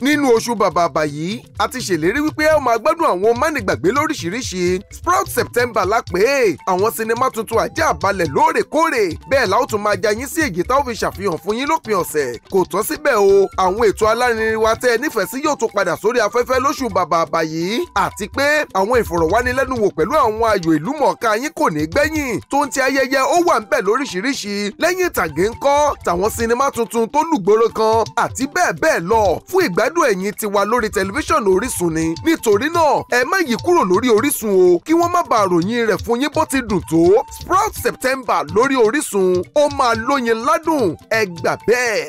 nínú oṣù bàbàbà yìí a ti ṣèlérí wípé ẹ máa gbádùn àwọn mánigbàgbé lóríṣìíríṣìí sprout september la pè é àwọn sinimá tuntun àjẹ́ àbalẹ̀ lóòrèkóòrè bẹ́ẹ̀ la ó tún máa ja yín sí èyí tá ó fi ṣàfihàn fún yín lópin ọ̀sẹ̀ kò tán síbẹ̀ o àwọn ètò alárinrin wa tẹ́ ẹ nífẹ̀ẹ́ sí yóò tún padà sórí afẹ́fẹ́ lóṣù bàbàbà yìí àti pé àwọn ìfọ̀rọ̀wánilẹ́nuwò pẹ̀lú àwọn ayò ìlú mọ̀ọ́ká yín kò ní gbẹ́yìn tó tuntun tó lùgbòòrò kan àti bẹ́ẹ̀ bẹ́ẹ̀ lọ ìgbádùn ẹ̀yin tiwa lórí tẹlifíṣàn Orísun ni nítorí náà ẹ má yí kúrò lórí Orísun o kí wọ́n má bàa ròyìn rẹ̀ fún yín bó ti dùn tó Sprout September lórí Orísun ó máa lóyin ládùn ẹ gbà bẹ́ẹ̀.